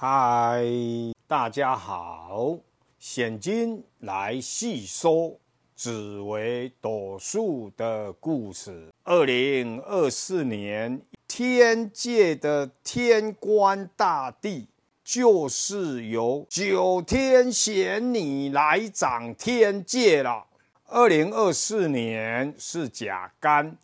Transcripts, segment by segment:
嗨，大家好，現今來細說紫微斗數的故事。二零二四年，天界的天官大帝就是由九天玄女來掌天界了。二零二四年是甲干。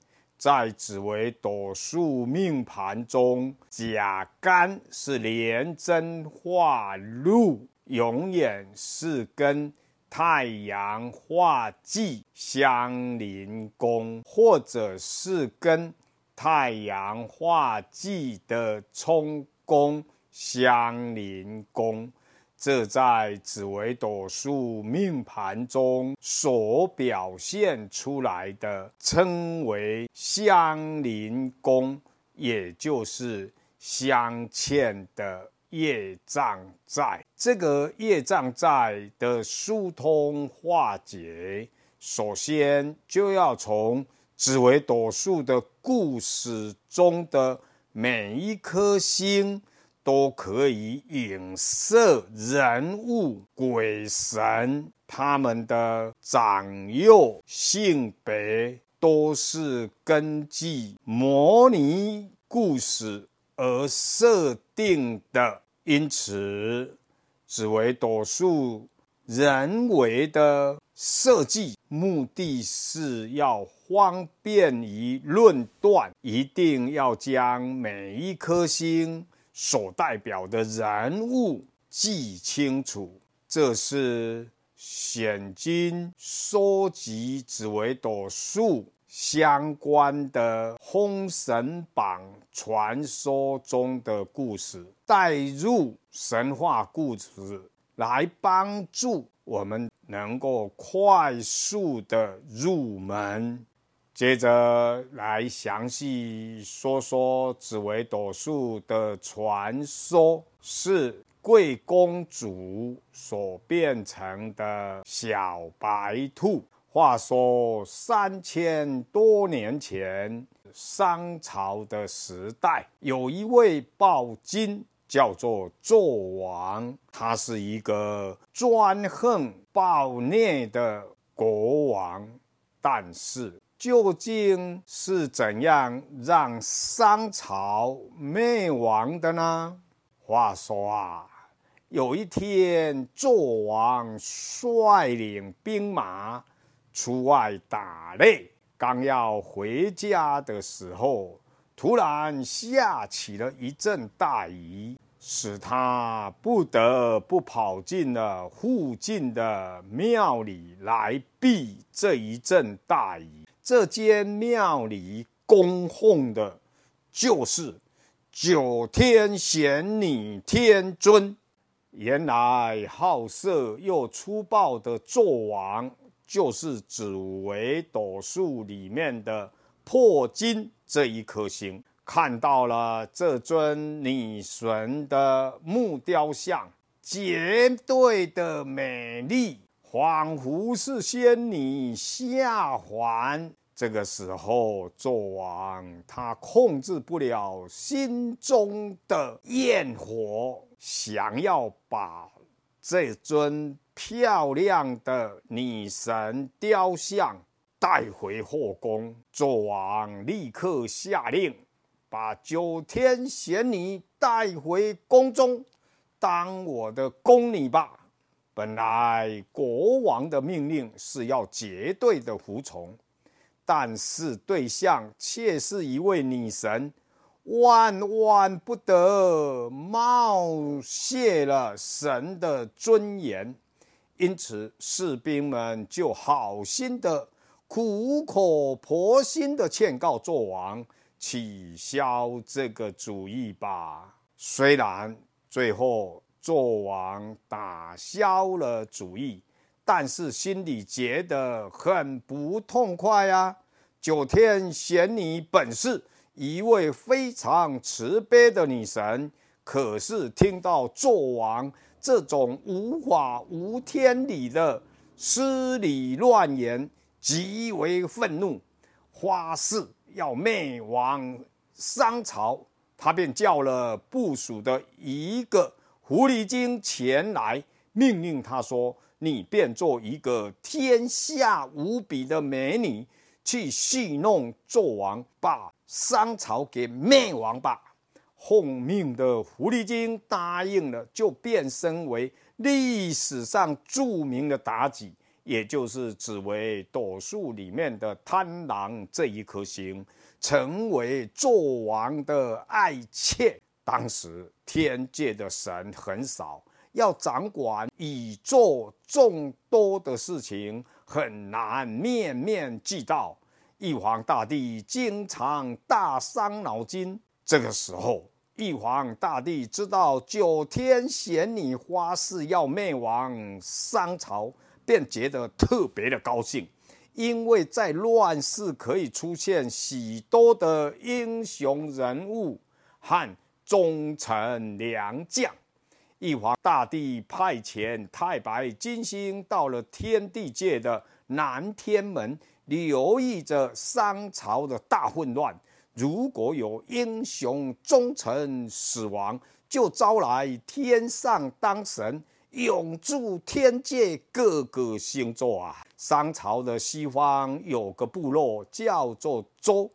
在紫微斗數命盤中，甲干是廉貞化祿，永遠是跟太陽化忌相鄰宮，或者是跟太陽化忌的沖宮相鄰宮。這在紫微斗數命盤中所表現出來的，稱為相鄰宮，也就是相欠的業障債。這個業障債的疏通化解，首先就要從紫微斗數的故事中的每一顆星。都可以影射人物、鬼神，他們的長幼、性別都是根據模擬故事而設定的，因此紫微斗數人為的設計，目的是要方便於論斷，一定要將每一顆星。所代表的人物記清楚，這是現今蒐集紫微斗數相關的封神榜傳說中的故事，帶入神話故事來幫助我們能夠快速的入門。接着來詳細說說紫微斗數的傳說，是貴公主所變成的小白兔。話說三千多年前，商朝的時代，有一位暴君叫做紂王，他是一個專橫暴虐的國王，但是。究竟是怎樣讓商朝滅亡的呢？話說啊，有一天，紂王率領兵馬出外打獵，剛要回家的時候，突然下起了一陣大雨，使他不得不跑進了附近的廟裡來避這一陣大雨。這間廟裡供奉的，就是九天玄女天尊。原來好色又粗暴的紂王，就是紫微斗數裡面的破軍這一顆星。看到了這尊女神的木雕像，絕對的美麗。仿佛是仙女下凡。這個時候，紂王他控制不了心中的焰火，想要把這尊漂亮的女神雕像帶回後宮。紂王立刻下令，把九天玄女帶回宮中，當我的宮女吧。本來國王的命令是要絕對的服從，但是對象卻是一位女神，萬萬不得冒褻了神的尊嚴。因此，士兵們就好心的、苦口婆心的勸告紂王取消這個主意吧。雖然最後。紂王打消了主意，但是心裡覺得很不痛快啊，九天玄女本是，一位非常慈悲的女神，可是聽到紂王這種無法無天理的失禮亂言，極為憤怒，發誓要滅亡商朝。他便叫了部屬的一個。狐狸精前來命令他說：“你變做一個天下無比的美女，去戲弄紂王吧，把商朝給滅亡吧。”奉命的狐狸精答應了，就變身為歷史上著名的妲己，也就是紫微斗數裡面的貪狼這一顆星，成為紂王的愛妾。當時天界的神很少，要掌管宇宙眾多的事情很難面面俱到，玉皇大帝經常大傷腦筋。這個時候，玉皇大帝知道九天玄女發誓要滅亡商朝，便覺得特別的高興，因為在亂世可以出現許多的英雄人物和。忠臣良將，玉皇大帝派遣太白金星到了天地界的南天門，留意着商朝的大混亂。如果有英雄忠臣死亡，就招來天上當神，永駐天界各個星座啊。商朝的西方有個部落叫做周。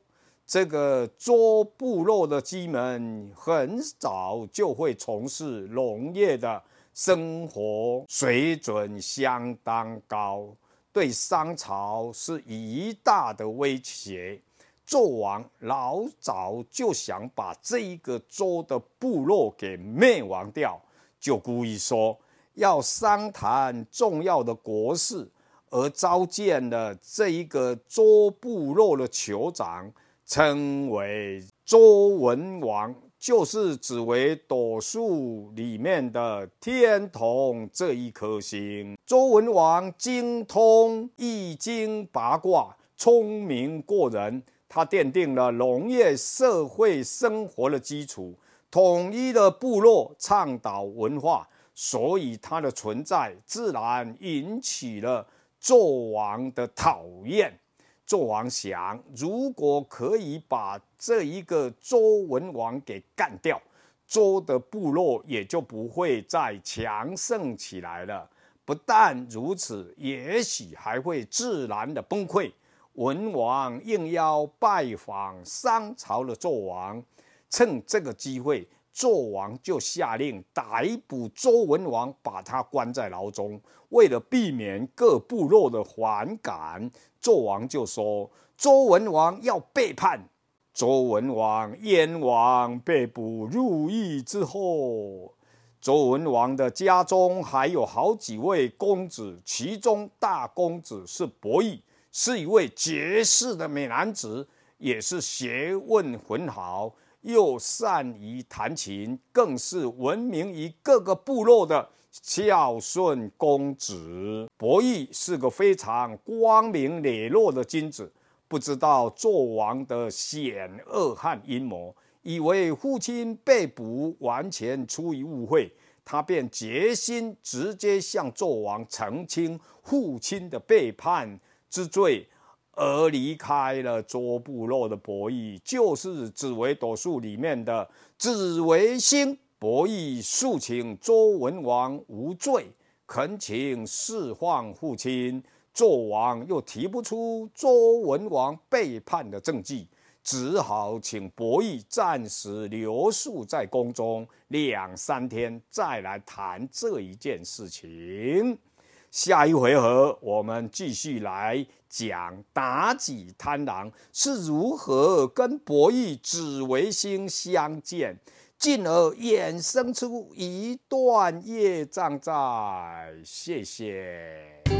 這個周部落的居民很早就會從事農業的生活水準相當高，對商朝是一大的威脅。紂王老早就想把這一個周的部落給滅亡掉，就故意說要商談重要的國事，而召見了這一個周部落的酋長。稱為周文王，就是指微斗數裡面的天同這一顆星。周文王精通易經八卦，聰明過人，他奠定了農業社會生活的基礎，統一了部落倡導文化，所以他的存在自然引起了紂王的討厭。紂王想，如果可以把這一個周文王給幹掉，周的部落也就不會再強盛起來了。不但如此，也許還會自然的崩潰。文王應邀拜訪商朝的紂王，趁這個機會。紂王就下令逮捕周文王，把他關在牢中。為了避免各部落的反感，紂王就說：“周文王要背叛。”周文王、燕王被捕入獄之後，周文王的家中還有好幾位公子，其中大公子是伯邑，是一位絕世的美男子，也是學問很好。又善於彈琴，更是聞名於各個部落的孝順公子。伯邑是個非常光明磊落的君子，不知道紂王的險惡和陰謀，以為父親被捕完全出於誤會，他便決心直接向紂王澄清父親的背叛之罪。而離開了周部落的伯邑，就是紫微斗數裡面的紫微星。伯邑訴請周文王無罪，懇請釋放父親。紂王又提不出周文王背叛的證據，只好請伯邑暫時留宿在宮中兩三天，再來談這一件事情。下一回合，我們繼續來講妲己貪狼是如何跟伯邑考紫微星相見進而衍生出一段業障債。謝謝。